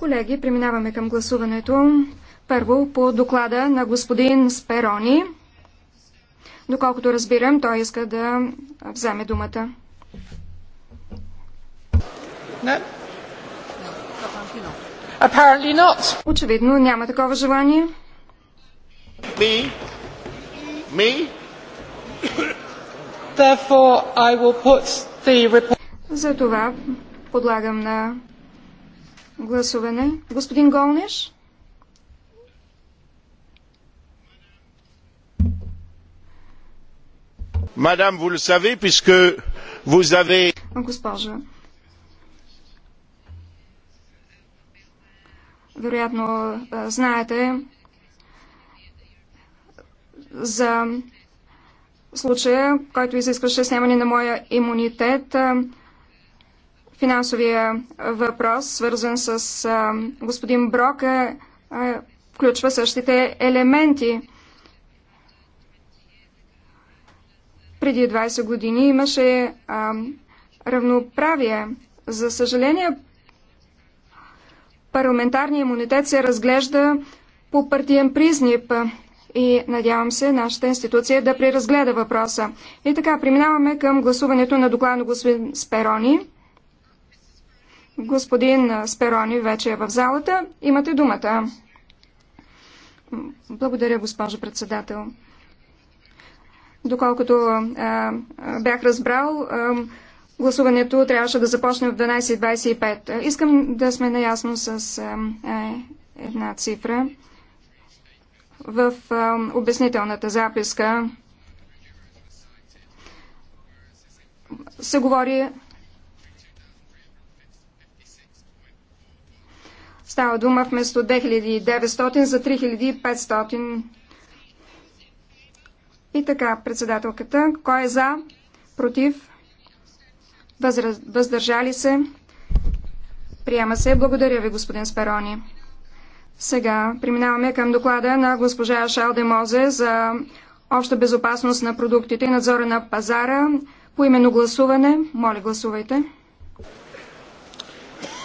Колеги, преминаваме към гласуването. Първо по доклада на господин Сперони. Доколкото разбирам, той иска да вземе думата. Очевидно няма такова желание. Me? Me? Therefore, I will put the report... Затова Подлагам на гласуване. Господин Голнеш? Мадам, vous le savez, puisque vous avez... Госпожа, вероятно знаете за случая, който изискваше снимане на моя имунитет. Финансовия въпрос, свързан с а, господин Брок, включва същите елементи. Преди 20 години имаше а, равноправие. За съжаление, парламентарния имунитет се разглежда по партиен признип и надявам се нашата институция да преразгледа въпроса. И така, преминаваме към гласуването на доклада на господин Сперони. Господин Сперони вече е в залата. Имате думата. Благодаря, госпожо председател. Доколкото а, бях разбрал, а, гласуването трябваше да започне в 12.25. Искам да сме наясно с а, една цифра. В а, обяснителната записка се говори Става дума вместо 2900 за 3500. И така, председателката, кой е за, против, въздържали се, приема се. Благодаря ви, господин Сперони. Сега преминаваме към доклада на госпожа Шалде Мозе за обща безопасност на продуктите и надзора на пазара. По именно гласуване. Моля, гласувайте.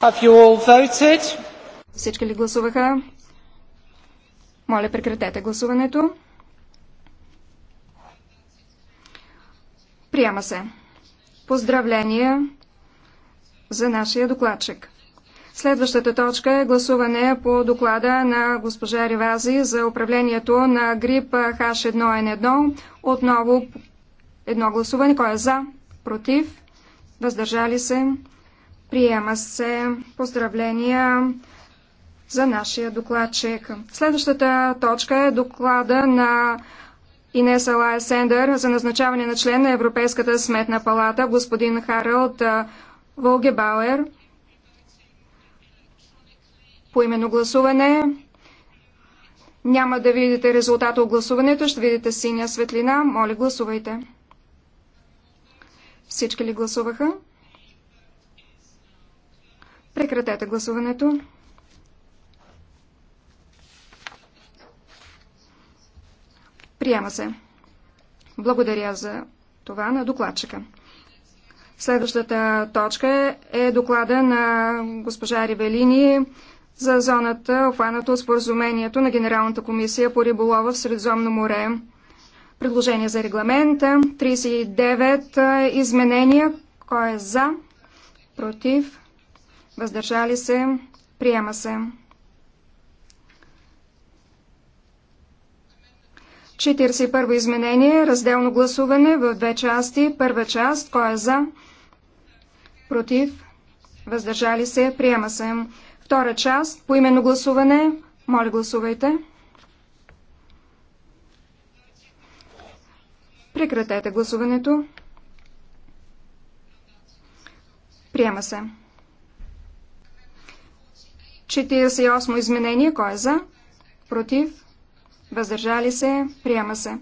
Have you all voted? Всички ли гласуваха? Моля, прекратете гласуването. Приема се. Поздравления за нашия докладчик. Следващата точка е гласуване по доклада на госпожа Ривази за управлението на грип H1N1. Отново едно гласуване. Кой е за? Против? Въздържали се? Приема се. Поздравления за нашия докладчик. Следващата точка е доклада на Инес Алая Сендер за назначаване на член на Европейската сметна палата, господин Харалд Волгебауер. По именно гласуване няма да видите резултата от гласуването, ще видите синя светлина. Моля, гласувайте. Всички ли гласуваха? Прекратете гласуването. Приема се. Благодаря за това на докладчика. Следващата точка е доклада на госпожа Ривелини за зоната, обхваната от споразумението на Генералната комисия по риболова в Средиземно море. Предложение за регламента. 39 е, изменения. Кой е за? Против? Въздържали се? Приема се. 41 изменение, разделно гласуване в две части. Първа част, кой е за? Против? Въздържали се? Приема се. Втора част, по именно гласуване. Моля, гласувайте. Прекратете гласуването. Приема се. 48 изменение, кой е за? Против? въздържали се, приема се.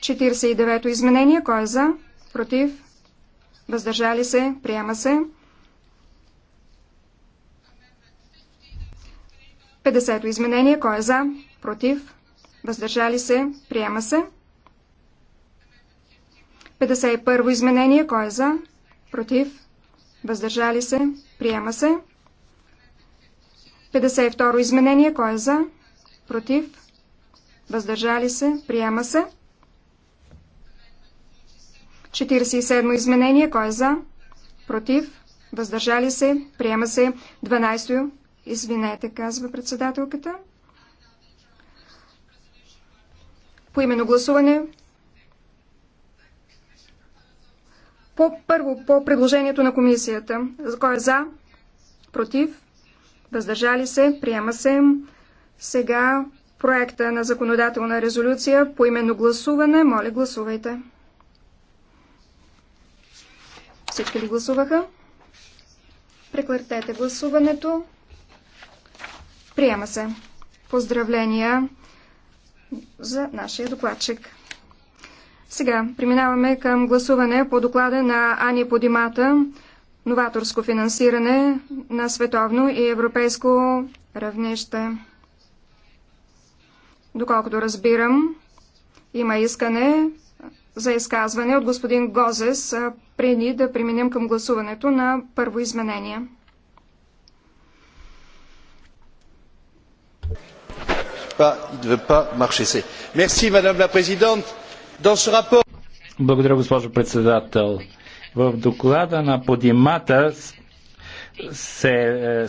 49-то изменение, кой е за, против, въздържали се, приема се. 50-то изменение, кой е за, против, въздържали се, приема се. 51-во изменение, кой е за, против, въздържали се, приема се. 52-ро изменение, кой е за, против, въздържали се, приема се. 47 изменение, кой е за, против, въздържали се, приема се. 12 извинете, казва председателката. По именно гласуване по, първо по предложението на комисията. Кой е за? Против? Въздържали се? Приема се. Сега проекта на законодателна резолюция по именно гласуване. Моля, гласувайте. Всички ли гласуваха? Прекратете гласуването. Приема се. Поздравления за нашия докладчик. Сега преминаваме към гласуване по доклада на Ани Подимата новаторско финансиране на световно и европейско равнище. Доколкото разбирам, има искане за изказване от господин Гозес, преди да преминем към гласуването на първо изменение. Благодаря, госпожо председател. В доклада на Подимата се, е,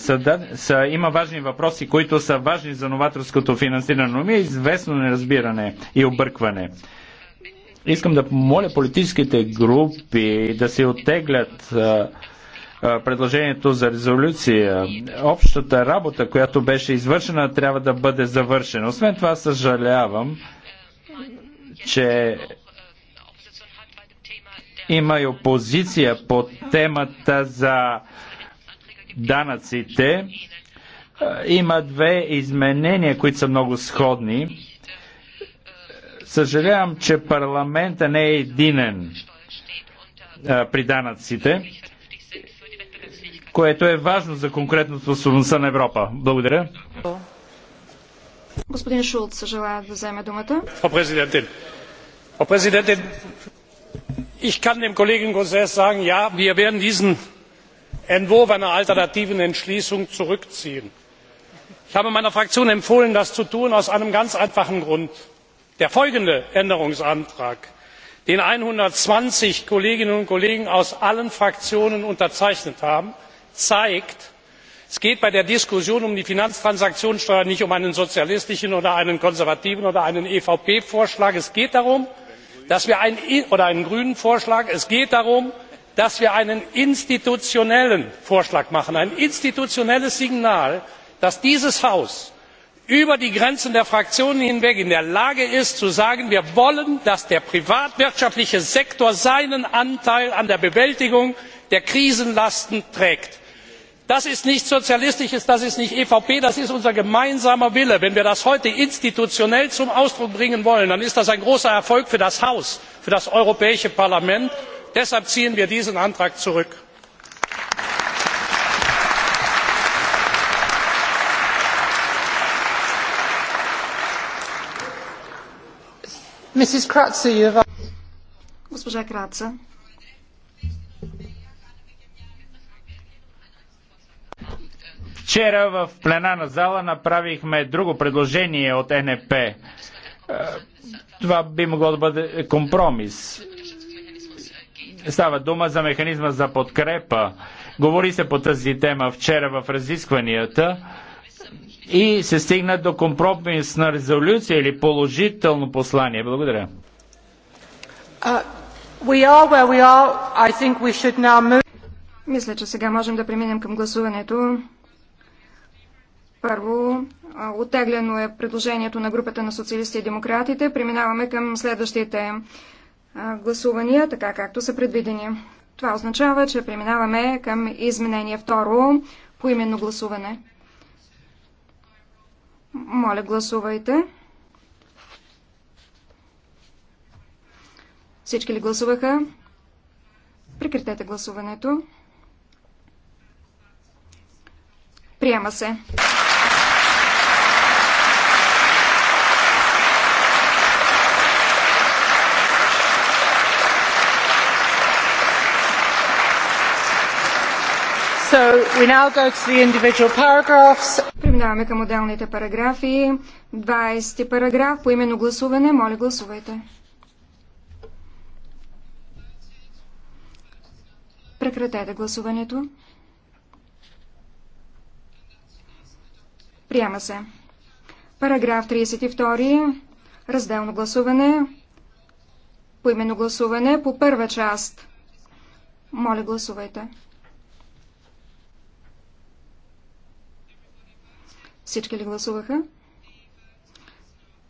са, има важни въпроси, които са важни за новаторското финансиране, но ми е известно неразбиране и объркване. Искам да помоля политическите групи да се оттеглят е, е, предложението за резолюция. Общата работа, която беше извършена, трябва да бъде завършена. Освен това, съжалявам, че има и опозиция по темата за данъците има две изменения, които са много сходни. Съжалявам, че парламента не е единен а, при данъците, което е важно за конкретно способността на Европа. Благодаря. Господин Шулц желая да вземе думата. Frau Präsidentin. Frau Präsidentin, ich kann dem Kollegen Gauzès sagen, ja, wir werden diesen entwurf einer alternativen entschließung zurückziehen. ich habe meiner fraktion empfohlen das zu tun aus einem ganz einfachen grund der folgende änderungsantrag den einhundertzwanzig kolleginnen und kollegen aus allen fraktionen unterzeichnet haben zeigt es geht bei der diskussion um die finanztransaktionssteuer nicht um einen sozialistischen oder einen konservativen oder einen evp vorschlag oder einen grünen vorschlag es geht darum dass wir einen institutionellen vorschlag machen ein institutionelles signal dass dieses haus über die grenzen der fraktionen hinweg in der lage ist zu sagen wir wollen dass der privatwirtschaftliche sektor seinen anteil an der bewältigung der krisenlasten trägt. das ist nichts sozialistisches das ist nicht evp das ist unser gemeinsamer wille. wenn wir das heute institutionell zum ausdruck bringen wollen dann ist das ein großer erfolg für das haus für das europäische parlament deshalb ziehen wir diesen antrag zurück. Вчера в пленарната зала направихме друго предложение от НП. Е, това би могло да бъде компромис. Става дума за механизма за подкрепа. Говори се по тази тема вчера в разискванията и се стигна до компромисна резолюция или положително послание. Благодаря. Мисля, че сега можем да преминем към гласуването. Първо, оттеглено е предложението на групата на социалисти и демократите. Преминаваме към следващите гласувания, така както са предвидени. Това означава, че преминаваме към изменение второ по именно гласуване. Моля, гласувайте. Всички ли гласуваха? Прекратете гласуването. Приема се. So Преминаваме към отделните параграфи. 20 параграф по именно гласуване. Моля гласувайте. Прекратете гласуването. Приема се. Параграф 32. Разделно гласуване. По именно гласуване по първа част. Моля гласувайте. Всички ли гласуваха?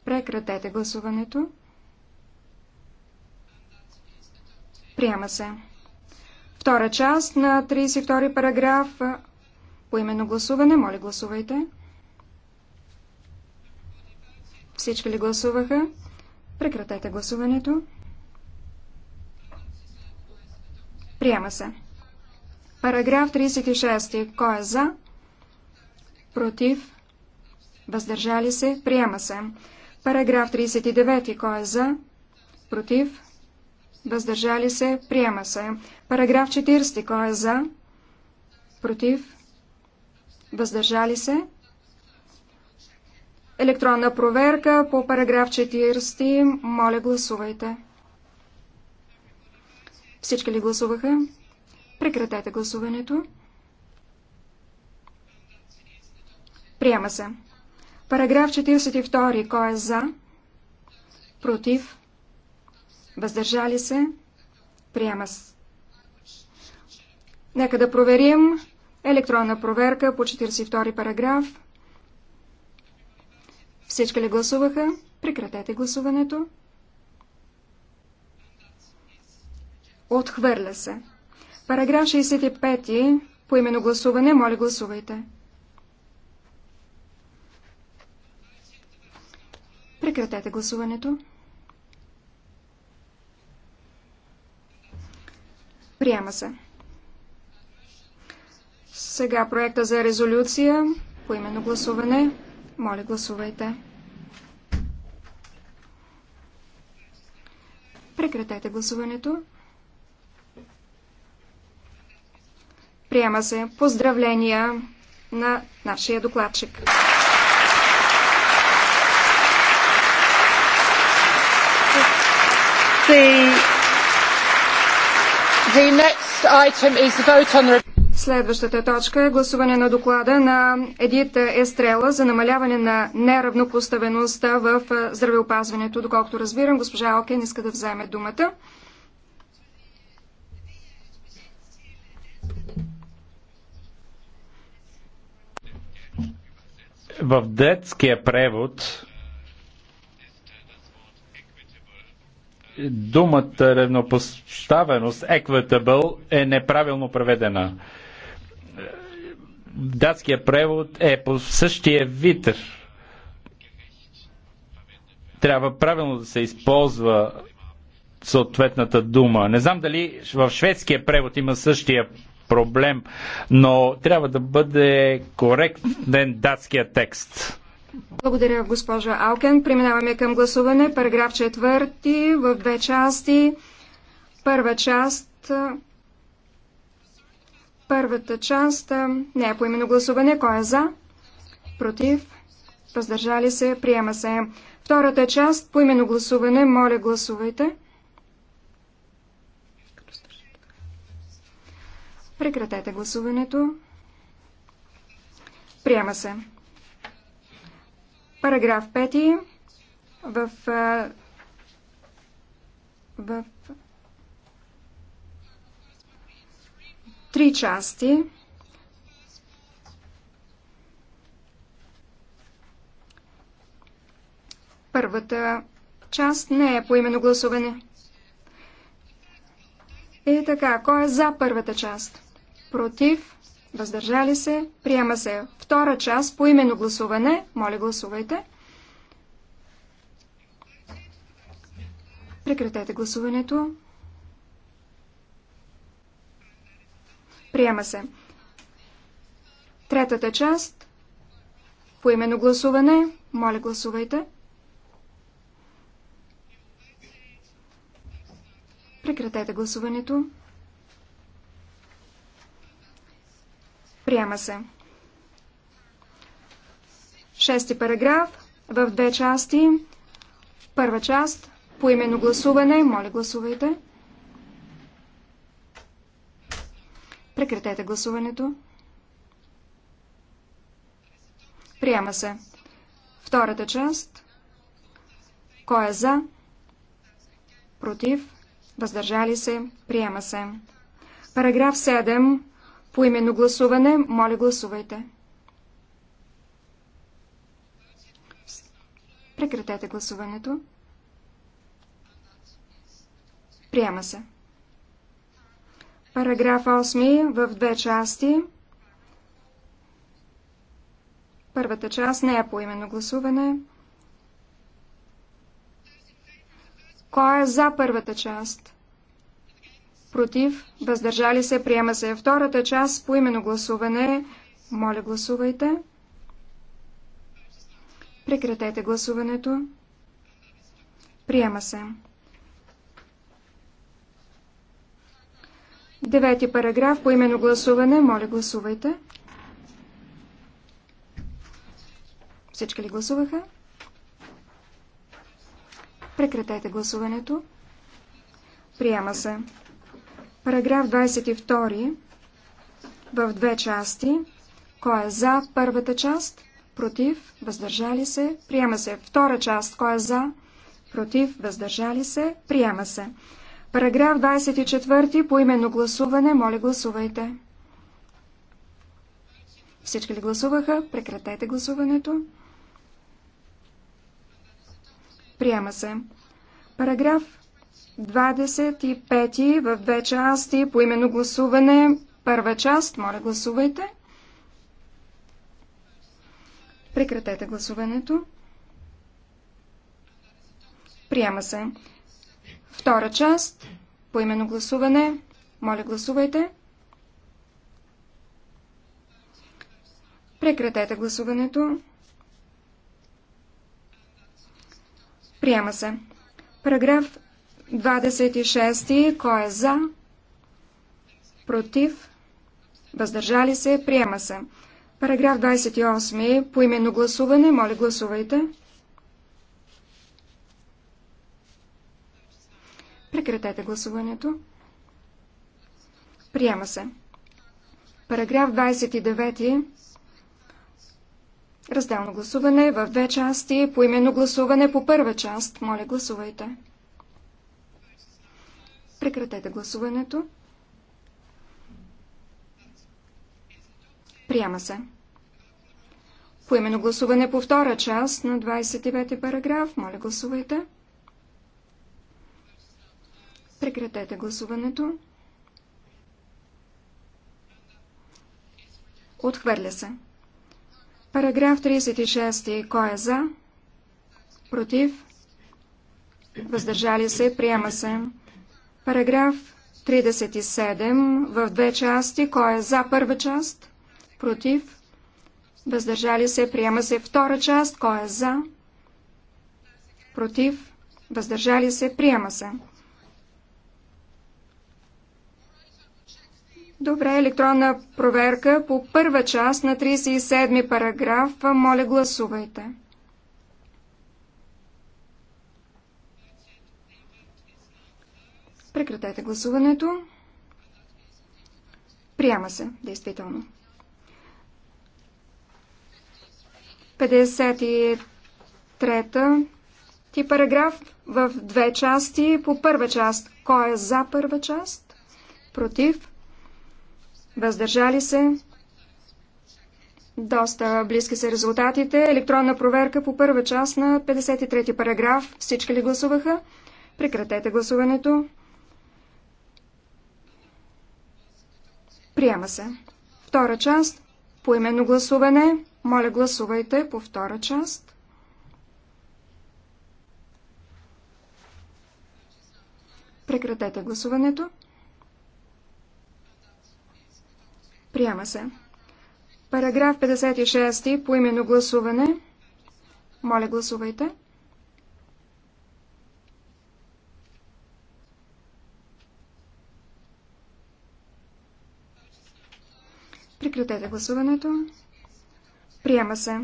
Прекратете гласуването. Приема се. Втора част на 32 параграф по именно гласуване. Моля, гласувайте. Всички ли гласуваха? Прекратете гласуването. Приема се. Параграф 36. Кой е за? Против? въздържали се, приема се. Параграф 39, кой е за, против, въздържали се, приема се. Параграф 40, кой е за, против, въздържали се. Електронна проверка по параграф 40, моля гласувайте. Всички ли гласуваха? Прекратете гласуването. Приема се. Параграф 42. Кой е за? Против? Въздържали се? Приема с. Нека да проверим електронна проверка по 42 параграф. Всички ли гласуваха? Прекратете гласуването. Отхвърля се. Параграф 65. По именно гласуване, моля гласувайте. Прекратете гласуването. Приема се. Сега проекта за резолюция по именно гласуване. Моля, гласувайте. Прекратете гласуването. Приема се поздравления на нашия докладчик. Следващата точка е гласуване на доклада на Едит Естрела за намаляване на неравнопоставеността в здравеопазването. Доколкото разбирам, госпожа Окен иска да вземе думата. В детския превод думата равнопоставеност, equitable, е неправилно преведена. Датският превод е по същия витър. Трябва правилно да се използва съответната дума. Не знам дали в шведския превод има същия проблем, но трябва да бъде коректен датския текст. Благодаря, госпожа Алкен. Преминаваме към гласуване. Параграф четвърти в две части. Първа част. Първата част не е по именно гласуване. Кой е за? Против? Въздържали се? Приема се. Втората част по именно гласуване. Моля, гласувайте. Прекратете гласуването. Приема се. Параграф 5 в, в три части. Първата част не е по именно гласуване. И е така, кой е за първата част? Против? въздържали се, приема се. Втора част по именно гласуване, моля гласувайте. Прекратете гласуването. Приема се. Третата част по именно гласуване, моля гласувайте. Прекратете гласуването. Приема се. Шести параграф в две части. Първа част по именно гласуване. Моля, гласувайте. Прекратете гласуването. Приема се. Втората част. Кой е за? Против? Въздържали се? Приема се. Параграф 7 по именно гласуване, моля гласувайте. Прекратете гласуването. Приема се. Параграф 8 в две части. Първата част не е по именно гласуване. Кой е за първата част? против, въздържали се, приема се. Втората част по именно гласуване. Моля, гласувайте. Прекратете гласуването. Приема се. Девети параграф по именно гласуване. Моля, гласувайте. Всички ли гласуваха? Прекратете гласуването. Приема се. Параграф 22 в две части. Кой е за първата част? Против? Въздържали се? Приема се. Втора част. Кой е за? Против? Въздържали се? Приема се. Параграф 24 по именно гласуване. Моля гласувайте. Всички ли гласуваха? Прекратете гласуването. Приема се. Параграф 25 в две части по именно гласуване. Първа част, моля гласувайте. Прекратете гласуването. Приема се. Втора част, по именно гласуване. Моля гласувайте. Прекратете гласуването. Приема се. Параграф 26. Кой е за? Против? Въздържали се? Приема се. Параграф 28. По именно гласуване. Моля, гласувайте. Прекратете гласуването. Приема се. Параграф 29. Разделно гласуване в две части. По именно гласуване по първа част. Моля, гласувайте. Прекратете гласуването. Приема се. Поимено гласуване по втора част на 29 параграф. Моля гласувайте. Прекратете гласуването. Отхвърля се. Параграф 36. Кой е за? Против? Въздържали се? Приема се. Параграф 37 в две части. Кой е за първа част? Против? Въздържали се? Приема се втора част. Кой е за? Против? Въздържали се? Приема се. Добре, електронна проверка по първа част на 37 параграф. Моля, гласувайте. Прекратете гласуването. Приема се, действително. 53-та ти параграф в две части. По първа част. Кой е за първа част? Против? Въздържали се? Доста близки са резултатите. Електронна проверка по първа част на 53 ти параграф. Всички ли гласуваха? Прекратете гласуването. Приема се. Втора част. По именно гласуване. Моля, гласувайте по втора част. Прекратете гласуването. Приема се. Параграф 56 по именно гласуване. Моля, гласувайте. Прекратете гласуването. Приема се.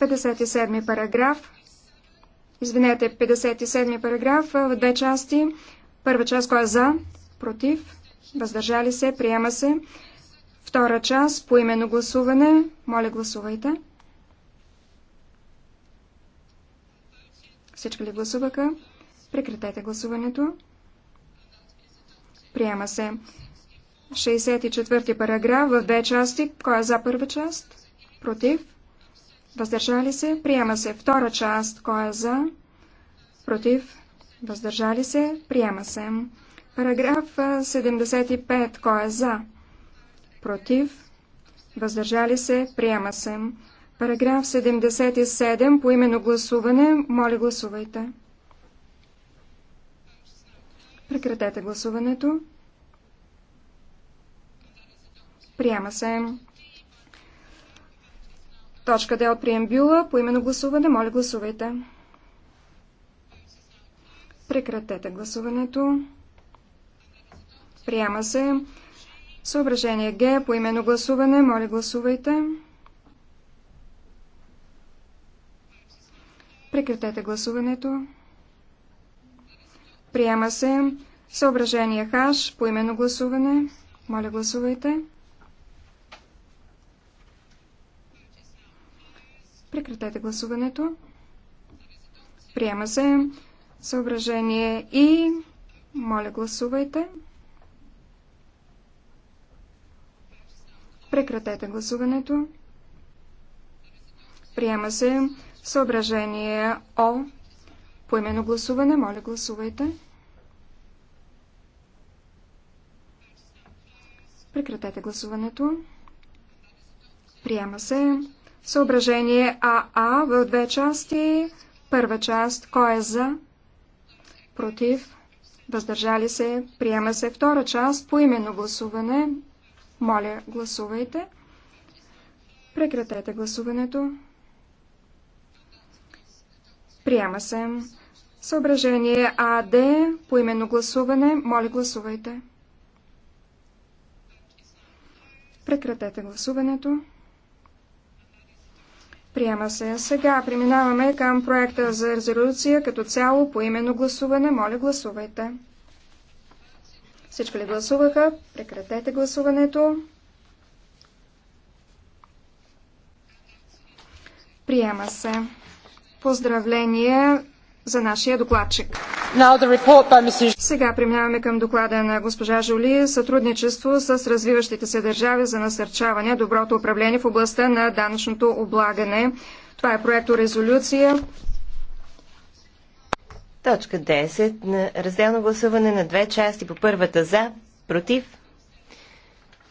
57 параграф. Извинете, 57 параграф в две части. Първа част, кой е за, против, въздържали се, приема се. Втора част, по именно гласуване. Моля, гласувайте. Всички ли гласуваха? Прекратете гласуването. Приема се. 64 параграф в две части. Кой е за първа част? Против? Въздържали се? Приема се. Втора част. Кой е за? Против? Въздържали се? Приема се. Параграф 75. Кой е за? Против? Въздържали се? Приема се. Параграф 77. По именно гласуване. Моля гласувайте. Прекратете гласуването. Приема се. Точка Д от приембюла, По именно гласуване. Моля, гласувайте. Прекратете гласуването. Приема се. Съображение Г. По именно гласуване. Моля, гласувайте. Прекратете гласуването. Приема се. Съображение Х. По именно гласуване. Моля, гласувайте. Прекратете гласуването. Приема се съображение и моля гласувайте. Прекратете гласуването. Приема се съображение О. имено гласуване. Моля гласувайте. Прекратете гласуването. Приема се Съображение АА в две части. Първа част. Кой е за? Против? Въздържали се? Приема се втора част. По именно гласуване. Моля, гласувайте. Прекратете гласуването. Приема се. Съображение АД. По именно гласуване. Моля, гласувайте. Прекратете гласуването. Приема се. Сега преминаваме към проекта за резолюция като цяло по именно гласуване. Моля, гласувайте. Всички ли гласуваха? Прекратете гласуването. Приема се. Поздравление за нашия докладчик. Сега преминаваме към доклада на госпожа Жоли сътрудничество с развиващите се държави за насърчаване доброто управление в областта на данъчното облагане. Това е проекто резолюция. Точка 10 на разделно гласуване на две части по първата за, против,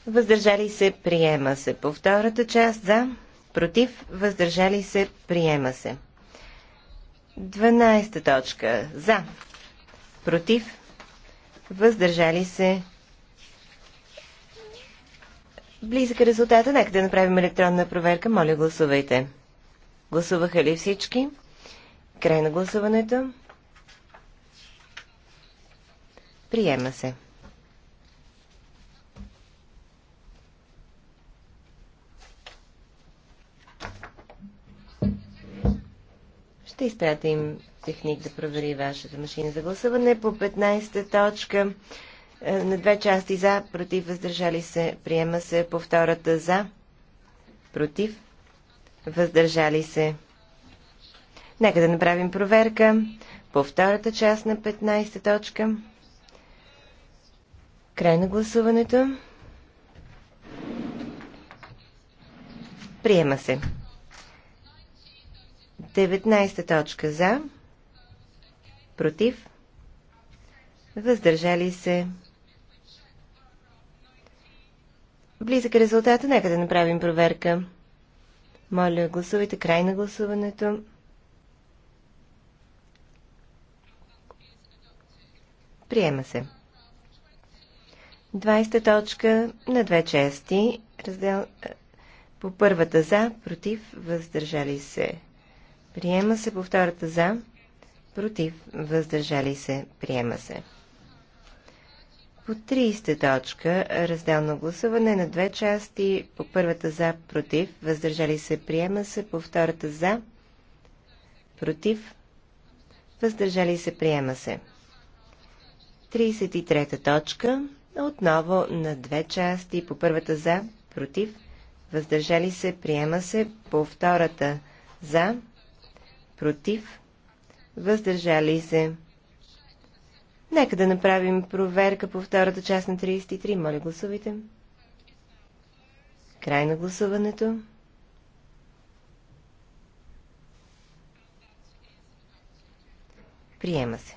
въздържали се, приема се. По втората част за, против, въздържали се, приема се. 12 точка за, против, въздържали се. Близък е резултата. Нека да направим електронна проверка. Моля, гласувайте. Гласуваха ли всички? Край на гласуването. Приема се. Ще изпратим техник да провери вашата машина за гласуване. По 15-та точка е, на две части за, против, въздържали се, приема се по втората за, против, въздържали се. Нека да направим проверка по втората част на 15-та точка. Край на гласуването. Приема се. 19 точка за против, въздържали се. Близък е резултата, нека да направим проверка. Моля, гласувайте край на гласуването. Приема се. 20 точка на две части. Раздел е, по първата за, против, въздържали се. Приема се по втората за, против, въздържали се, приема се. По 30 точка, разделно гласуване на две части, по първата за, против, въздържали се, приема се, по втората за, против, въздържали се, приема се. 33 точка, отново на две части, по първата за, против, въздържали се, приема се, по втората за, против, въздържали се. Нека да направим проверка по втората част на 33. Моля, гласувайте. Край на гласуването. Приема се.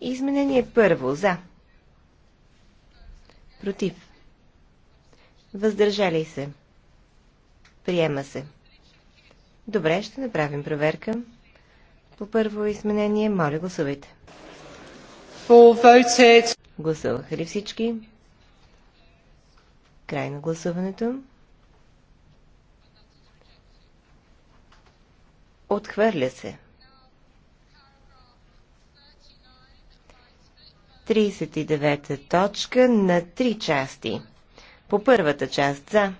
Изменение първо. За. Против. Въздържали се. Приема се. Добре, ще направим проверка. По първо изменение, моля гласувайте. Гласуваха ли всички? Край на гласуването. Отхвърля се. 39-та точка на три части. По първата част за.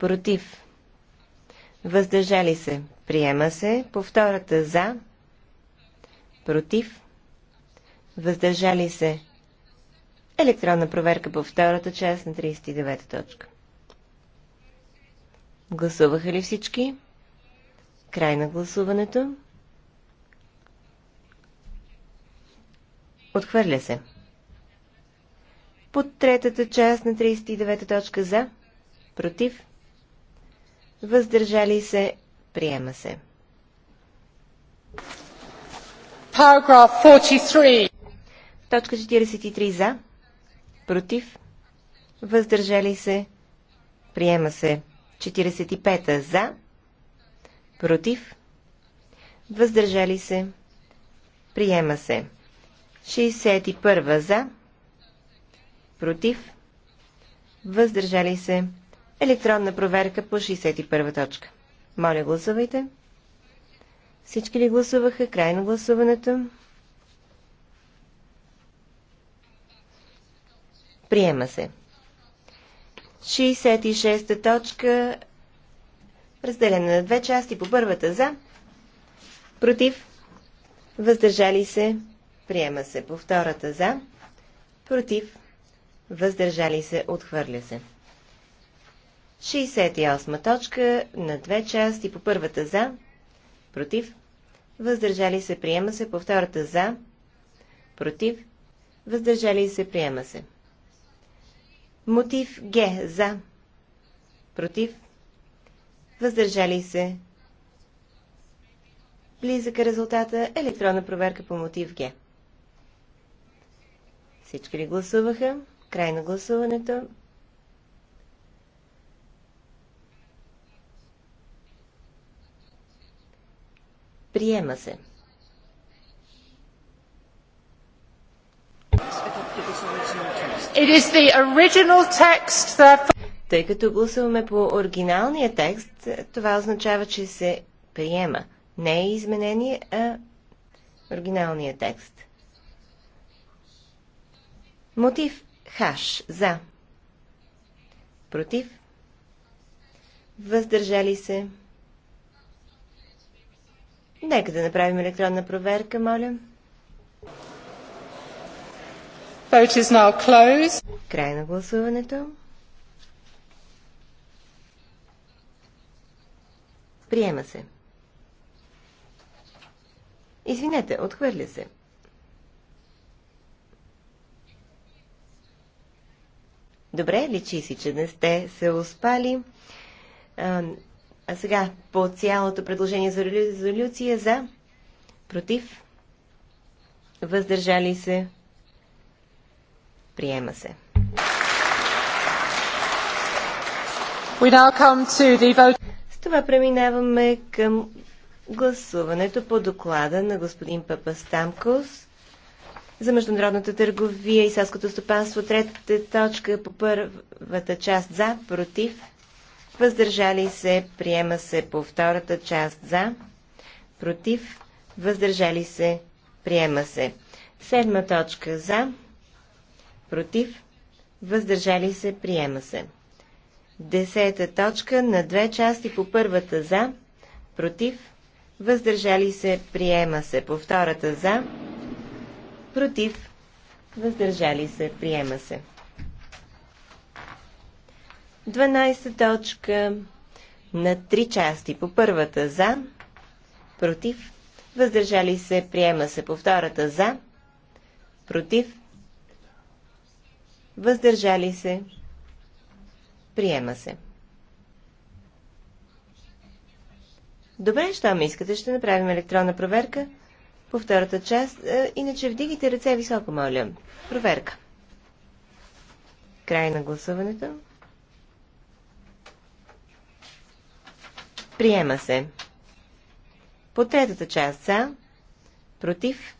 Против въздържали се, приема се. По втората за, против, въздържали се. Електронна проверка по втората част на 39 точка. Гласуваха ли всички? Край на гласуването. Отхвърля се. По третата част на 39 точка за, против, въздържали се, приема се. Параграф 43. Точка 43 за, против, въздържали се, приема се. 45 за, против, въздържали се, приема се. 61 за, против, въздържали се, Електронна проверка по 61 точка. Моля, гласувайте. Всички ли гласуваха? Край на гласуването. Приема се. 66-та точка разделена на две части. По първата за, против, въздържали се, приема се. По втората за, против, въздържали се, отхвърля се. 68 точка на две части по първата за, против, въздържали се, приема се, по втората за, против, въздържали се, приема се. Мотив Г за, против, въздържали се. Близък е резултата електронна проверка по мотив Г. Всички ли гласуваха? Край на гласуването. Приема се. That... Тъй като гласуваме по оригиналния текст, това означава, че се приема. Не е изменение, а оригиналния текст. Мотив Хаш за. Против. Въздържали се. Нека да направим електронна проверка, моля. Vote is now closed. Край на гласуването. Приема се. Извинете, отхвърля се. Добре, личи си, че не сте се успали. А сега по цялото предложение за резолюция за, против, въздържали се, приема се. С това преминаваме към гласуването по доклада на господин Папа Стамкос за международната търговия и селското стопанство. Третата точка по първата част за, против, въздържали се, приема се по втората част за, против, въздържали се, приема се. Седма точка за, против, въздържали се, приема се. Десета точка на две части по първата за, против, въздържали се, приема се. По втората за, против, въздържали се, приема се. 12 точка на 3 части. По първата за, против, въздържали се, приема се. По втората за, против, въздържали се, приема се. Добре, що ми искате, ще направим електронна проверка по втората част. Е, иначе вдигайте ръце високо, моля. Проверка. Край на гласуването. Приема се. По третата част за, против,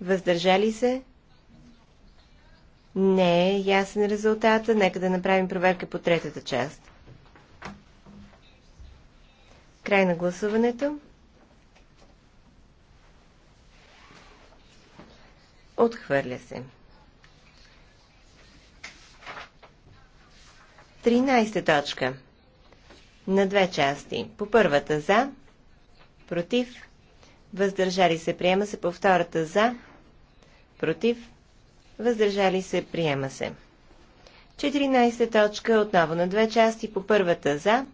въздържали се. Не е ясен резултата. Нека да направим проверка по третата част. Край на гласуването. Отхвърля се. 13 точка на две части. По първата за, против, въздържали се, приема се. По втората за, против, въздържали се, приема се. 14 точка е отново на две части. По първата за,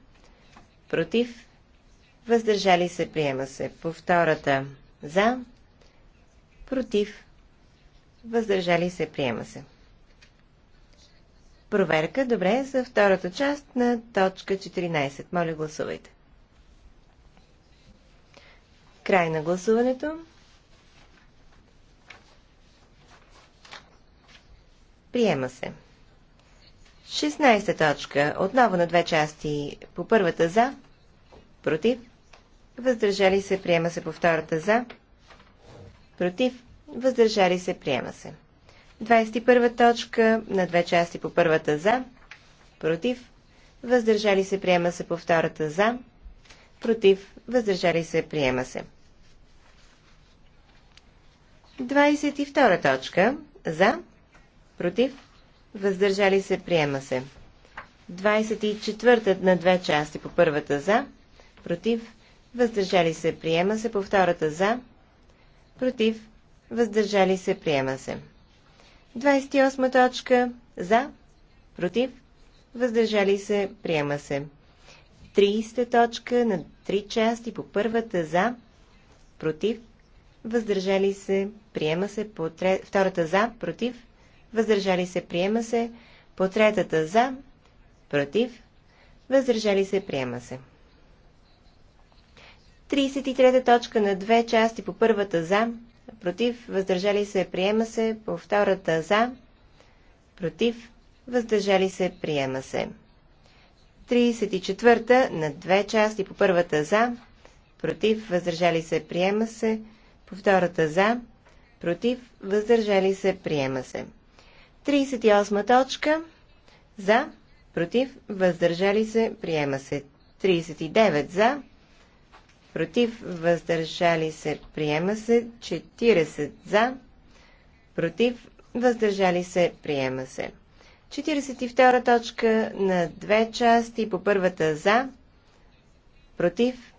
против, въздържали се, приема се. По втората за, против, въздържали се, приема се. Проверка, добре, за втората част на точка 14. Моля, гласувайте. Край на гласуването. Приема се. 16 точка. Отново на две части. По първата за. Против. Въздържали се. Приема се по втората за. Против. Въздържали се. Приема се. 21 точка на две части по първата за, против, въздържали се, приема се по втората за, против, въздържали се, приема се. 22 точка за, против, въздържали се, приема се. 24 на две части по първата за, против, въздържали се, приема се по втората за, против, въздържали се, приема се. 28 точка за, против, въздържали се, приема се. 30 точка на 3 части по първата за, против, въздържали се, приема се по тре... втората за, против, въздържали се, приема се по третата за, против, въздържали се, приема се. 33 точка на 2 части по първата за, против, въздържали се, приема се. По втората за, против, въздържали се, приема се. 34-та на две части по първата за, против, въздържали се, приема се. По втората за, против, въздържали се, приема се. 38 точка за, против, въздържали се, приема се. 39 за, против, въздържали се, приема се, 40 за, против, въздържали се, приема се. 42 точка на две части, по първата за, против,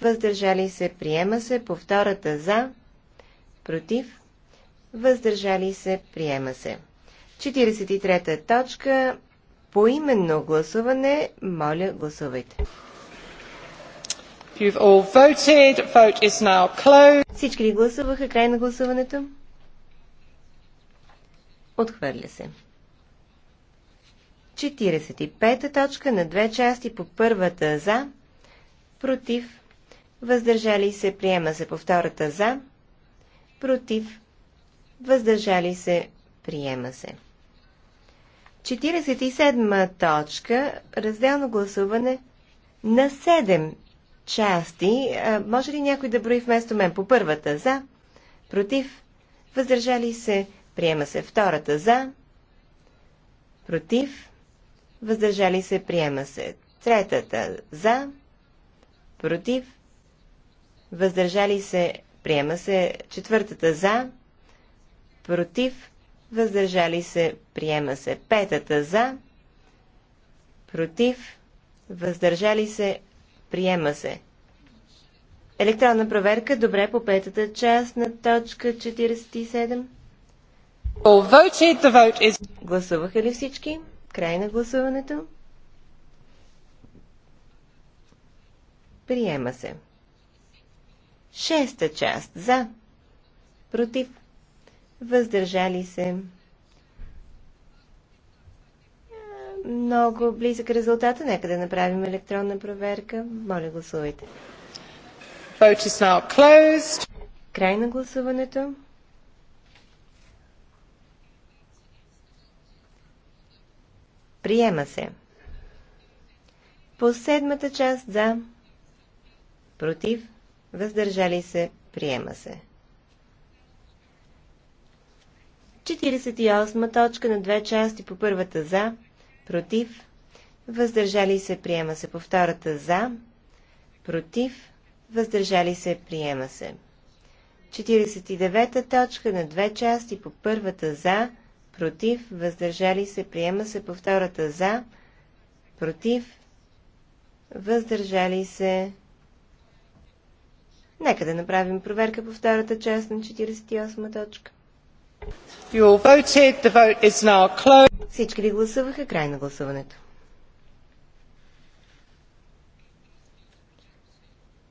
въздържали се, приема се, по втората за, против, въздържали се, приема се. 43 точка, поименно гласуване, моля гласувайте. You've all voted. Vote is now closed. Всички ли гласуваха? Край на гласуването. Отхвърля се. 45-та точка на две части по първата за, против, въздържали се, приема се по втората за, против, въздържали се, приема се. 47-ма точка, разделно гласуване на 7 части. Може ли някой да брои вместо мен по първата? За, против, въздържали се, приема се втората. За, против, въздържали се, приема се третата. За, против, въздържали се, приема се четвъртата. За, против, въздържали се, приема се петата. За, против, въздържали се, Приема се. Електронна проверка. Добре, по петата част на точка 47. Is... Гласуваха ли всички? Край на гласуването. Приема се. Шеста част. За. Против. Въздържали се. много близък резултата. Нека да направим електронна проверка. Моля, гласувайте. Vote is now closed. Край на гласуването. Приема се. По седмата част за, против, въздържали се, приема се. 48 точка на две части по първата за, против, въздържали се, приема се. По втората за, против, въздържали се, приема се. 49-та точка на две части по първата за, против, въздържали се, приема се по втората за, против, въздържали се. Нека да направим проверка по втората част на 48-та точка. You vote it. The vote is now closed. Всички ли гласуваха? Край на гласуването.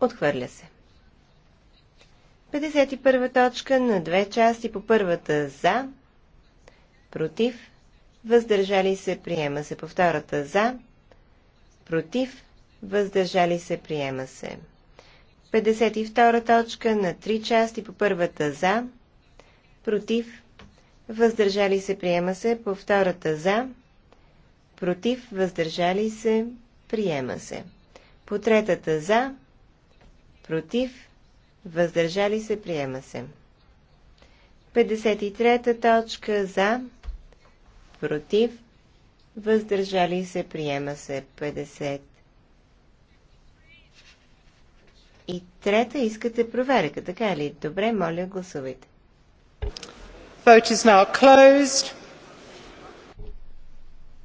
Отхвърля се. 51 точка на две части по първата за, против, въздържали се, приема се. По втората за, против, въздържали се, приема се. 52 точка на три части по първата за, против, въздържали се, приема се. По втората за, против, въздържали се, приема се. По третата за, против, въздържали се, приема се. 53-та точка за, против, въздържали се, приема се 50. И трета искате проверка, така ли? Добре, моля, гласувайте.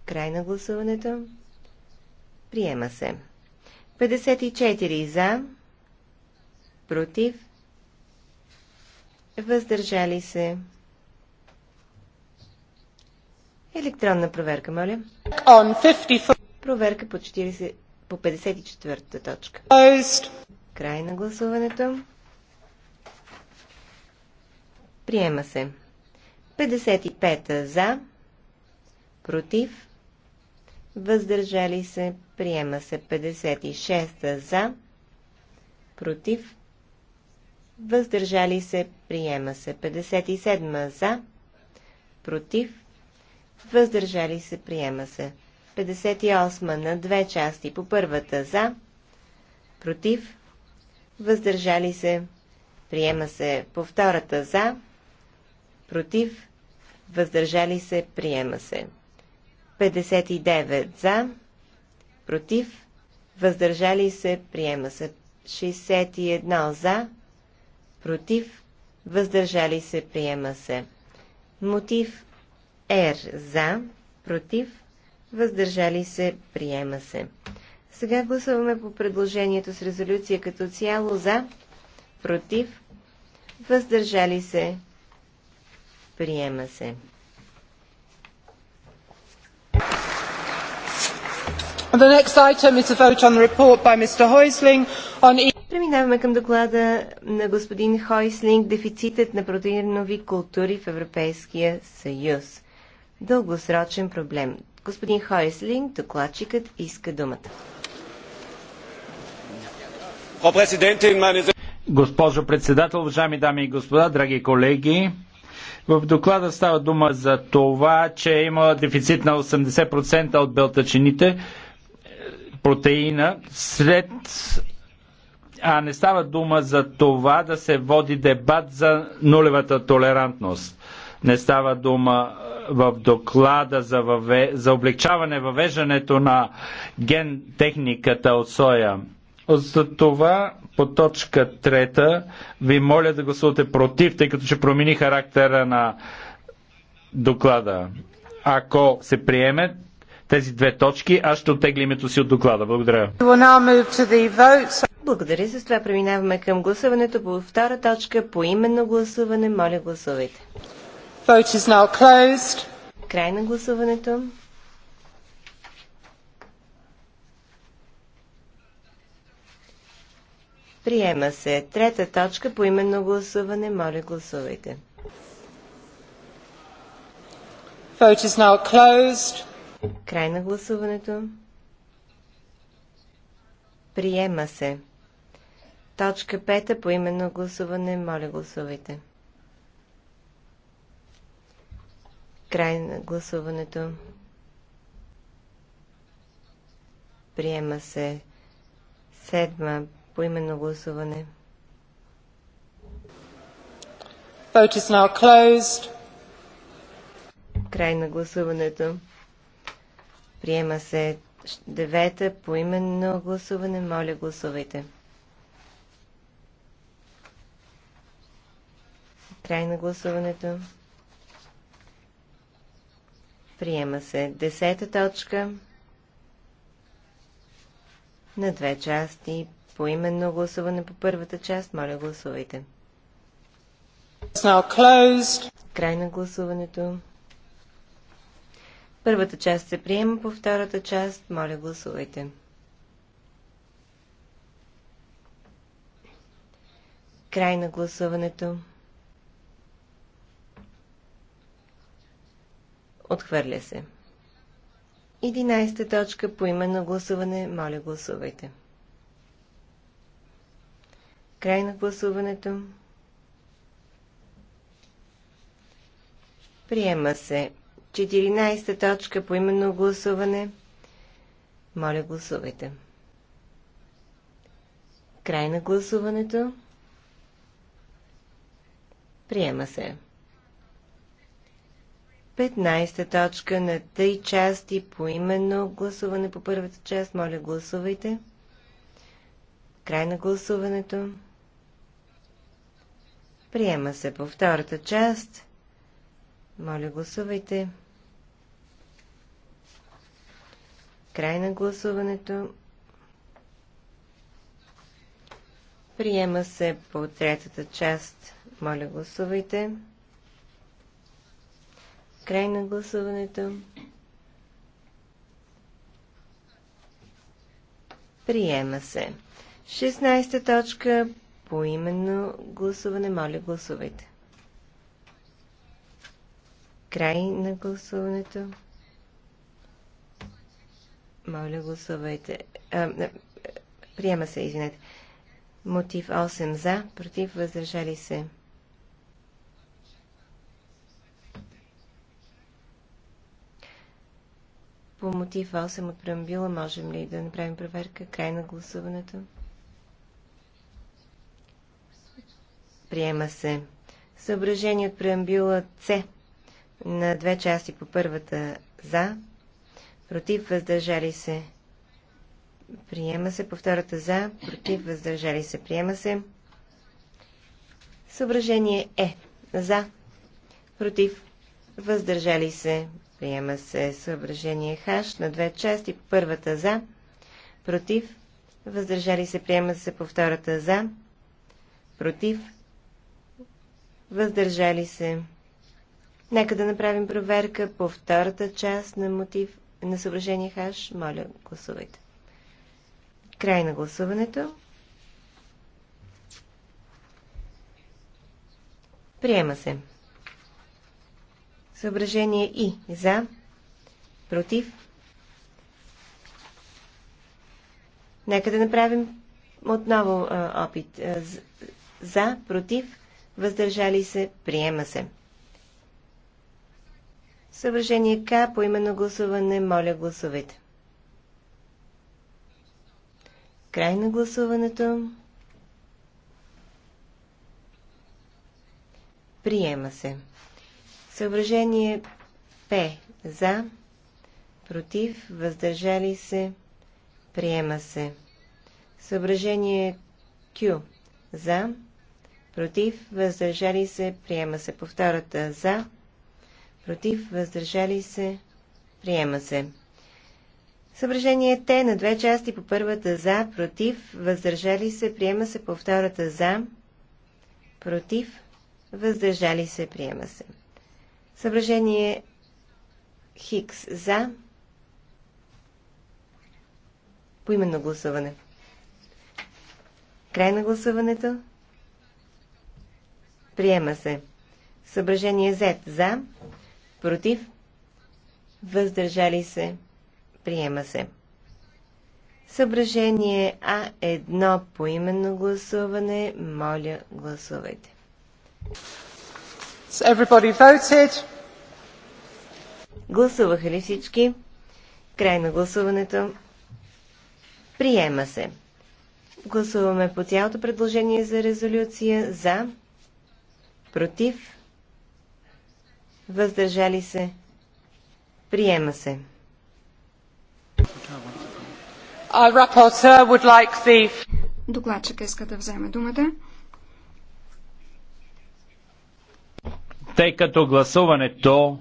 Край на гласуването. Приема се. 54 за, против, въздържали се. Електронна проверка, моля. Проверка по, 40, по 54-та точка. Closed. Край на гласуването. Приема се. 55 за, против, въздържали се, приема се 56 за, против, въздържали се, приема се 57 за, против, въздържали се, приема се 58 на две части по първата за, против, въздържали се, приема се по втората за, против, въздържали се, приема се. 59 за, против, въздържали се, приема се. 61 за, против, въздържали се, приема се. Мотив Р за, против, въздържали се, приема се. Сега гласуваме по предложението с резолюция като цяло за, против, въздържали се, Приема се. On... Преминаваме към доклада на господин Хойслинг дефицитът на протеинови култури в Европейския съюз. Дългосрочен проблем. Господин Хойслинг, докладчикът, иска думата. Госпожо председател, уважаеми дами и господа, драги колеги, в доклада става дума за това, че е има дефицит на 80% от белтъчините, е, протеина, след а не става дума за това да се води дебат за нулевата толерантност. Не става дума е, в доклада за, въве... за облегчаване въвеждането на ген техниката от соя. За това по точка трета ви моля да гласувате против, тъй като ще промени характера на доклада. Ако се приеме тези две точки, аз ще оттегля името си от доклада. Благодаря. Благодаря. С това преминаваме към гласуването по втора точка. По именно гласуване, моля гласувайте. Край на гласуването. Приема се. Трета точка по именно гласуване. Моля, гласувайте. Vote is now closed. Край на гласуването. Приема се. Точка пета по именно гласуване. Моля, гласувайте. Край на гласуването. Приема се. Седма по именно гласуване. Vote is now closed. Край на гласуването. Приема се девета по именно гласуване. Моля, гласувайте. Край на гласуването. Приема се десета точка на две части. По гласуване по първата част, моля гласувайте. Край на гласуването. Първата част се приема, по втората част, моля гласувайте. Край на гласуването. Отхвърля се. 11 точка по име на гласуване. Моля гласувайте. Край на гласуването. Приема се. 14 точка по именно гласуване. Моля, гласувайте. Край на гласуването. Приема се. 15 точка на тъй части по именно гласуване по първата част. Моля, гласувайте. Край на гласуването. Приема се по втората част. Моля, гласувайте. Край на гласуването. Приема се по третата част. Моля, гласувайте. Край на гласуването. Приема се. 16 точка по именно гласуване, моля гласувайте. Край на гласуването. Моля гласувайте. А, приема се, извинете. Мотив 8 за, против въздържали се. По мотив 8 от преамбила можем ли да направим проверка? Край на гласуването. Приема се. Съображение от преамбюла С на две части по първата за, против въздържали се. Приема се по втората за, против въздържали се. Приема се. Съображение Е за, против въздържали се. Приема се съображение Х на две части по първата за, против въздържали се. Приема се по втората за, против въздържали се. Нека да направим проверка по втората част на мотив на съображение Хаш. Моля, гласувайте. Край на гласуването. Приема се. Съображение И. За. Против. Нека да направим отново а, опит. А, за. Против въздържали се, приема се. Съвържение К по именно гласуване, моля гласувайте. Край на гласуването. Приема се. Съображение П. За. Против. Въздържали се. Приема се. Съображение Q. За против, въздържали се, приема се. По втората за, против, въздържали се, приема се. Съображение Т на две части по първата за, против, въздържали се, приема се по втората за, против, въздържали се, приема се. Съображение Хикс за, поименно гласуване. Край на гласуването. Приема се. Съображение Z. За. Против. Въздържали се. Приема се. Съображение А1 по именно гласуване. Моля, гласувайте. Гласуваха ли всички? Край на гласуването. Приема се. Гласуваме по цялото предложение за резолюция за против, въздържали се, приема се. Докладчик иска да вземе думата. Тъй като гласуването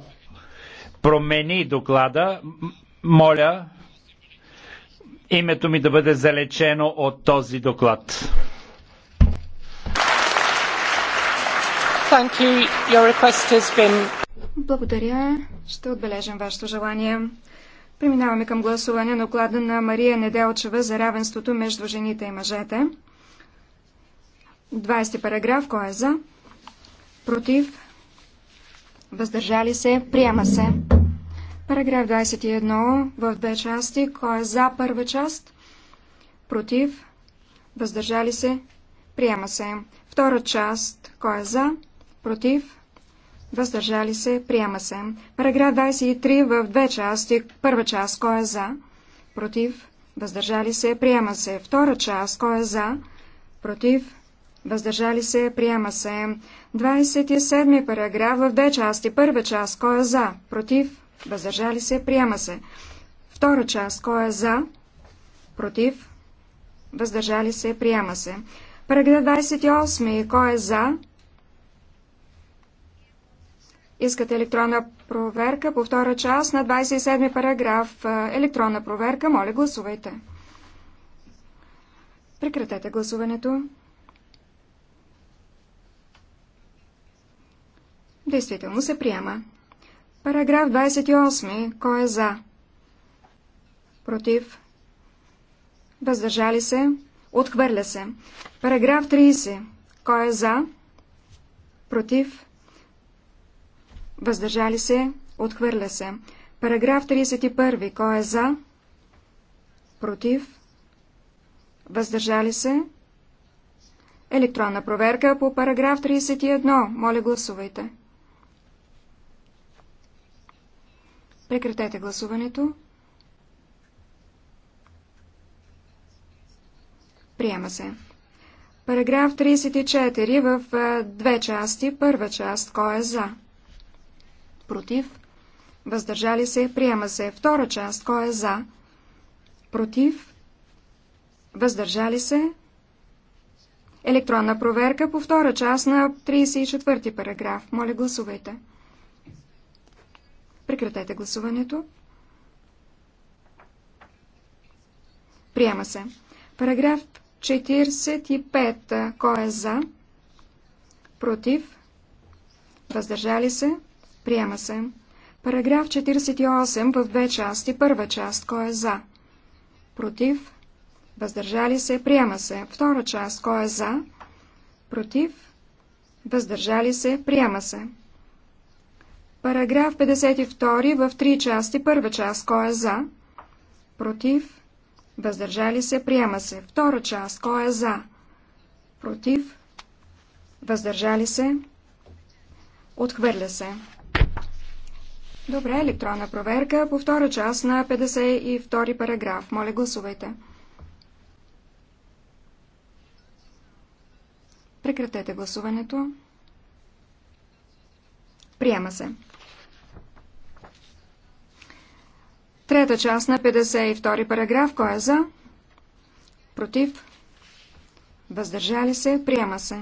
промени доклада, моля името ми да бъде залечено от този доклад. You. Been... Благодаря. Ще отбележим вашето желание. Преминаваме към гласуване на оклада на Мария Неделчева за равенството между жените и мъжете. 20 параграф. Кой е за? Против? Въздържали се? Приема се. Параграф 21 в две части. Кой е за първа част? Против? Въздържали се? Приема се. Втора част. Кой е за? против, въздържали се, приема се. Параграф 23 в две части. Първа част, кой е за, против, въздържали се, приема се. Втора част, кой е за, против, въздържали се, приема се. 27 параграф в две части. Първа част, кой е за, против, въздържали се, приема се. Втора част, кой е за, против, въздържали се, приема се. Параграф 28, кой е за, Искате електронна проверка по втора част на 27 параграф. Електронна проверка, моля гласувайте. Прекратете гласуването. Действително се приема. Параграф 28. Кой е за? Против. Въздържали се. Отхвърля се. Параграф 30. Кой е за? Против въздържали се, отхвърля се. Параграф 31. Кой е за? Против? Въздържали се? Електронна проверка по параграф 31. Моля гласувайте. Прекратете гласуването. Приема се. Параграф 34 в две части. Първа част. Кой е за? против, въздържали се, приема се. Втора част, кой е за, против, въздържали се. Електронна проверка по втора част на 34 ти параграф. Моля, гласувайте. Прекратете гласуването. Приема се. Параграф 45. Кой е за? Против? Въздържали се? Приема се. Параграф 48 в две части. Първа част. Кой е за? Против. Въздържали се. Приема се. Втора част. Кой е за? Против. Въздържали се. Приема се. Параграф 52 в три части. Първа част. Кой е за? Против. Въздържали се. Приема се. Втора част. Кой е за? Против. Въздържали се. Отхвърля се. Добре, електронна проверка по втора част на 52 параграф. Моля, гласувайте. Прекратете гласуването. Приема се. Трета част на 52 параграф. Кой е за? Против? Въздържали се? Приема се.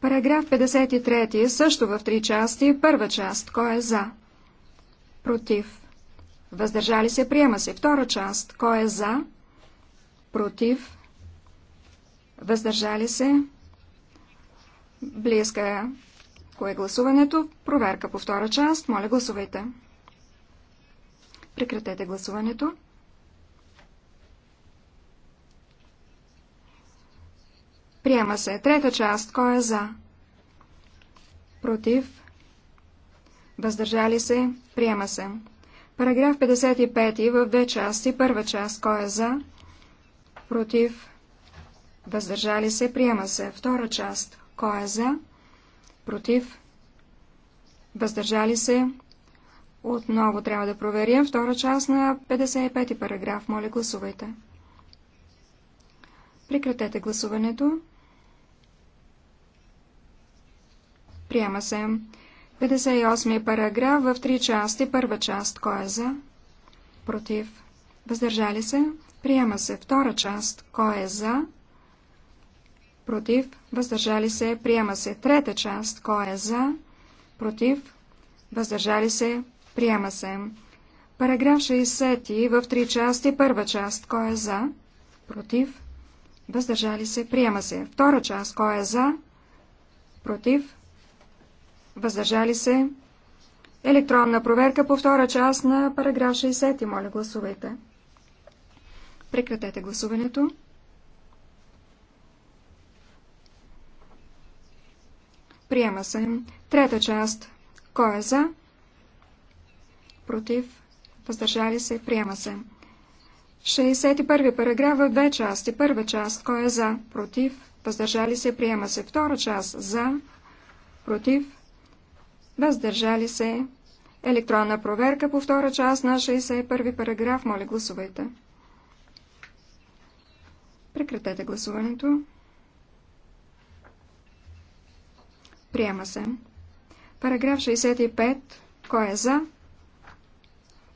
Параграф 53 също в три части. Първа част. Кой е за? Против. Въздържали се, приема се. Втора част. Кой е за? Против. Въздържали се. Близка. Кое е гласуването? Проверка по втора част. Моля, гласувайте. Прекратете гласуването. Приема се. Трета част. Кой е за? Против. Въздържали се. Приема се. Параграф 55 в две части. Първа част. Кой е за? Против. Въздържали се. Приема се. Втора част. Кой е за? Против. Въздържали се. Отново трябва да проверим втора част на 55 параграф. Моля, гласувайте. Прекратете гласуването. Приема се. 58 параграф в три части. Първа част. Кой е за? Против. Въздържали се? Приема се. Втора част. Кой е за? Против. Въздържали се? Приема се. Трета част. Кой е за? Против. Въздържали се? Приема се. Параграф 60 в три части. Първа част. Кой е за? Против. Въздържали се. Приема се. Втора част. Кой е за? Против? Въздържали се. Електронна проверка по втора част на параграф 60. Моля, гласувайте. Прекратете гласуването. Приема се. Трета част. Кой е за? Против? Въздържали се. Приема се. 61 параграф в две части. Първа част, кой е за, против, въздържали се, приема се. Втора част, за, против, въздържали се. Електронна проверка по втора част на 61 параграф. Моля, гласувайте. Прекратете гласуването. Приема се. Параграф 65. Кой е за?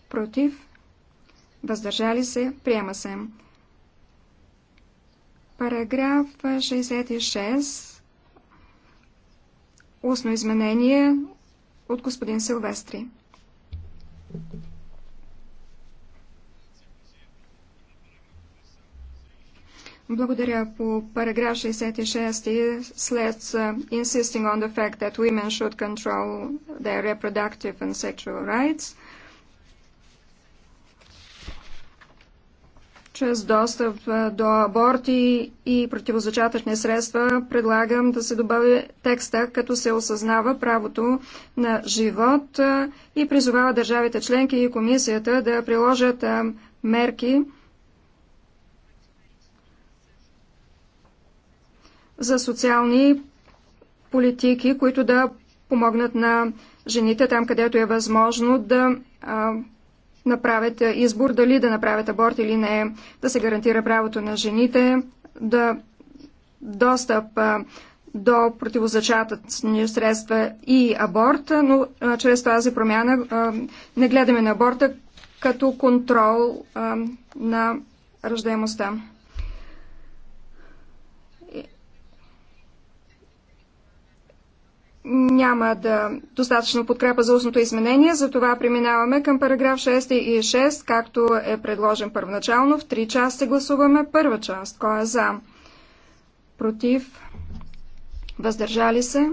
Против? въздържали се, приема се. Параграф 66, устно изменение от господин Силвестри. Благодаря по параграф 66 след insisting on the fact that women should control their reproductive and sexual rights. чрез достъп до аборти и противозачатъчни средства, предлагам да се добави текста, като се осъзнава правото на живот и призовава държавите членки и комисията да приложат мерки за социални политики, които да помогнат на жените там, където е възможно да направят избор дали да направят аборт или не, да се гарантира правото на жените да достъп до противозачатъчни средства и аборт, но чрез тази промяна не гледаме на аборта като контрол на ръждаемостта. няма да достатъчно подкрепа за устното изменение, затова преминаваме към параграф 6 и 6, както е предложен първоначално. В три части гласуваме първа част. Кой е за? Против? Въздържали се?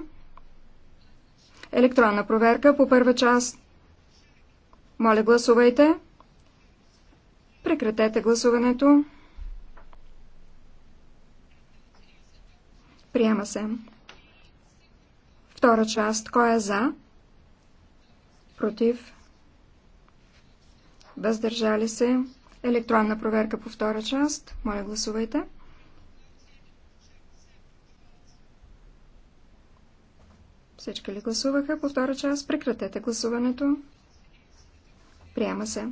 Електронна проверка по първа част. Моля, гласувайте. Прекратете гласуването. Приема се. Втора част. Кой е за? Против? Въздържали се? Електронна проверка по втора част. Моля, гласувайте. Всички ли гласуваха по втора част? Прекратете гласуването. Приема се.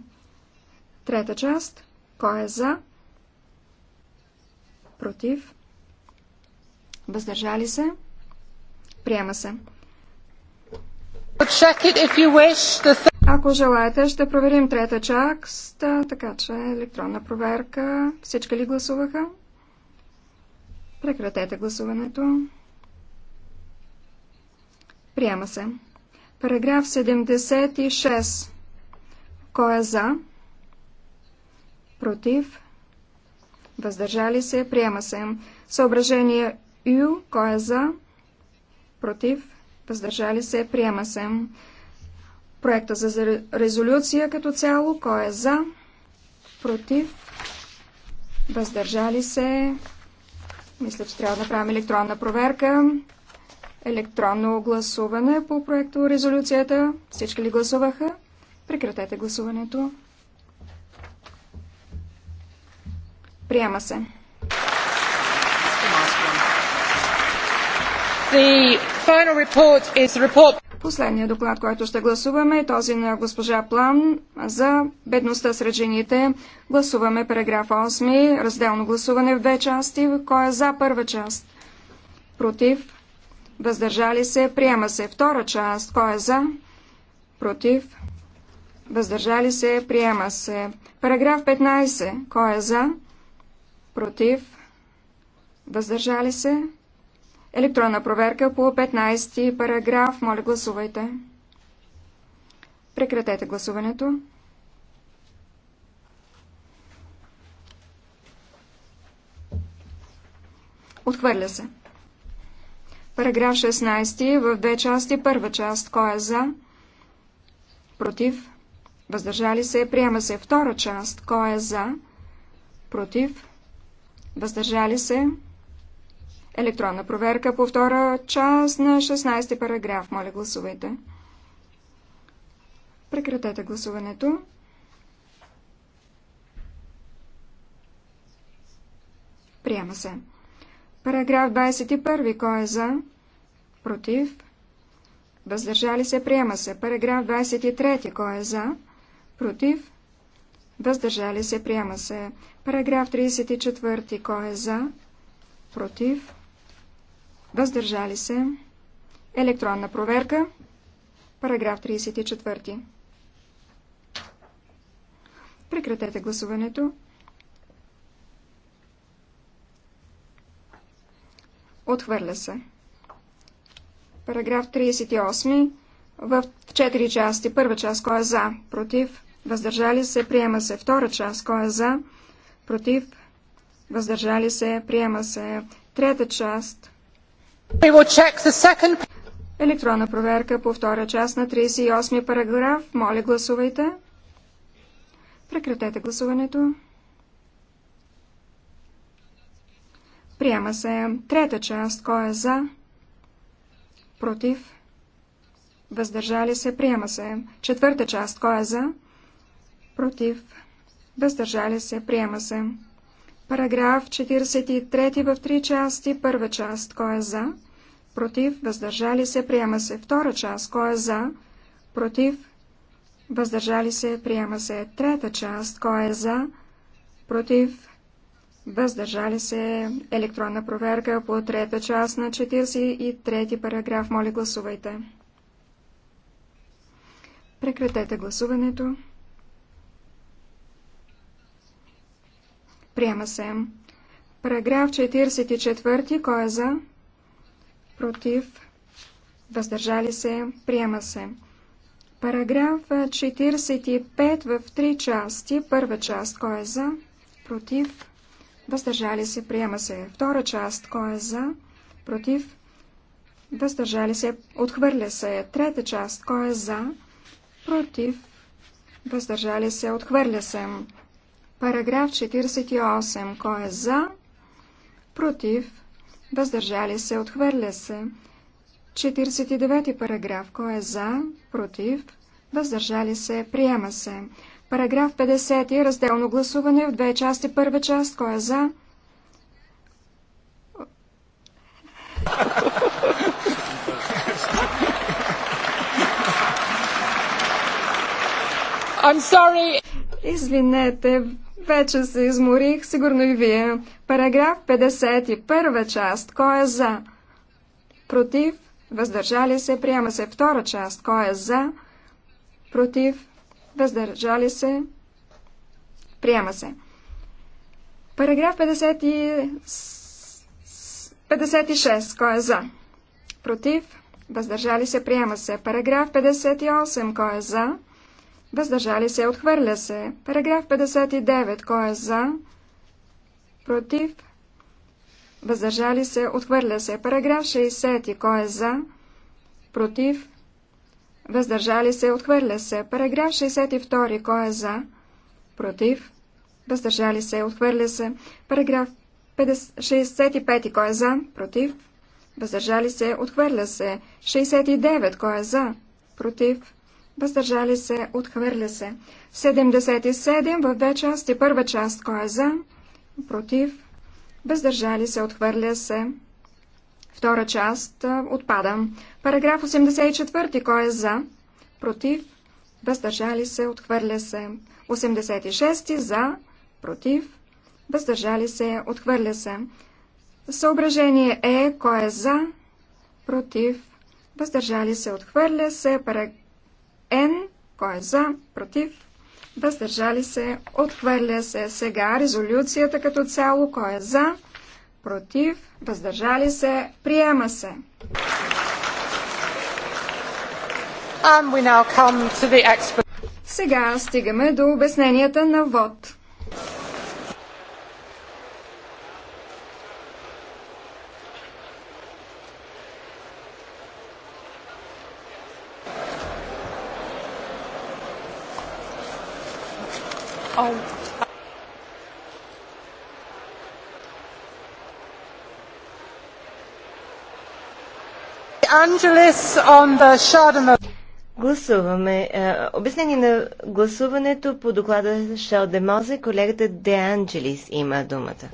Трета част. Кой е за? Против? Въздържали се? Приема се. Ако желаете, ще проверим трета част, така че електронна проверка. Всички ли гласуваха? Прекратете гласуването. Приема се. Параграф 76. Кой е за? Против? Въздържали се? Приема се. Съображение Ю. Кой е за? против, въздържали се, приема се. Проекта за резолюция като цяло, кой е за, против, въздържали се. Мисля, че трябва да направим електронна проверка. Електронно гласуване по проекто резолюцията. Всички ли гласуваха? Прекратете гласуването. Приема се. Последният доклад, който ще гласуваме е този на госпожа План за бедността сред жените. Гласуваме параграф 8, разделно гласуване в две части. Кой е за първа част? Против? Въздържали се? Приема се. Втора част. Кой е за? Против? Въздържали се? Приема се. Параграф 15. Кой е за? Против? Въздържали се? Електронна проверка по 15 параграф. Моля, гласувайте. Прекратете гласуването. Отхвърля се. Параграф 16 в две части. Първа част. Кой е за? Против? Въздържали се? Приема се. Втора част. Кой е за? Против? Въздържали се? Електронна проверка по втора част на 16 параграф. Моля, гласувайте. Прекратете гласуването. Приема се. Параграф 21. Кой е за? Против? Въздържали се? Приема се. Параграф 23. Кой е за? Против? Въздържали се? Приема се. Параграф 34. Кой е за? Против? въздържали се, електронна проверка, параграф 34. Прекратете гласуването. Отхвърля се. Параграф 38. В четири части. Първа част, кой е за? Против. Въздържали се. Приема се. Втора част, кой е за? Против. Въздържали се. Приема се. Трета част. Електронна проверка по втора част на 38 параграф. Моля, гласувайте. Прекратете гласуването. Приема се трета част. Кой е за? Против? Въздържали се? Приема се. Четвърта част. Кой е за? Против? Въздържали се? Приема се. Параграф 43 в три части. Първа част. Кой е за? против, въздържали се, приема се. Втора част, кой е за, против, въздържали се, приема се. Трета част, кой е за, против, въздържали се. Електронна проверка по трета част на 43 параграф. Моля, гласувайте. Прекратете гласуването. Приема се. Параграф 44. Кой е за? против, въздържали се, приема се. Параграф 45 в три части. Първа част, кой е за, против, въздържали се, приема се. Втора част, кой е за, против, въздържали се, отхвърля се. Трета част, кой е за, против, въздържали се, отхвърля се. Параграф 48, кой е за, против, въздържали се, отхвърля се. 49 параграф, кой е за, против, въздържали се, приема се. Параграф 50, е разделно гласуване в две части, първа част, кой е за? I'm sorry. Извинете, вече се изморих, сигурно и вие. Параграф 50, първа част. Кой е за? Против? Въздържали се? Приема се втора част. Кой е за? Против? Въздържали се? Приема се. Параграф 50... 56. Кой е за? Против? Въздържали се? Приема се. Параграф 58. Кой е за? Въздържали се, отхвърля се. Параграф 59. Кой е за? Против? Въздържали се, отхвърля се. Параграф 60. Кой е за? Против? Въздържали се, отхвърля се. Параграф 62. Кой е за? Против? Въздържали се, отхвърля се. Параграф 65. Кой е за? Против? Въздържали се, отхвърля се. 69. Кой е за? Против? въздържали се, отхвърля се. 77 в две части, първа част, кой е за, против, въздържали се, отхвърля се. Втора част отпада. Параграф 84, кой е за, против, въздържали се, отхвърля се. 86 за, против, въздържали се, отхвърля се. Съображение е, кой е за, против, въздържали се, отхвърля се. Параграф N, Кой е за? Против? Въздържали се? Отхвърля се. Сега резолюцията като цяло. Кой е за? Против? Въздържали се? Приема се. Um, Сега стигаме до обясненията на ВОД. Angelis on the Гласуваме. Е, обяснение на гласуването по доклада Демозе. Колегата Де Анджелис има думата.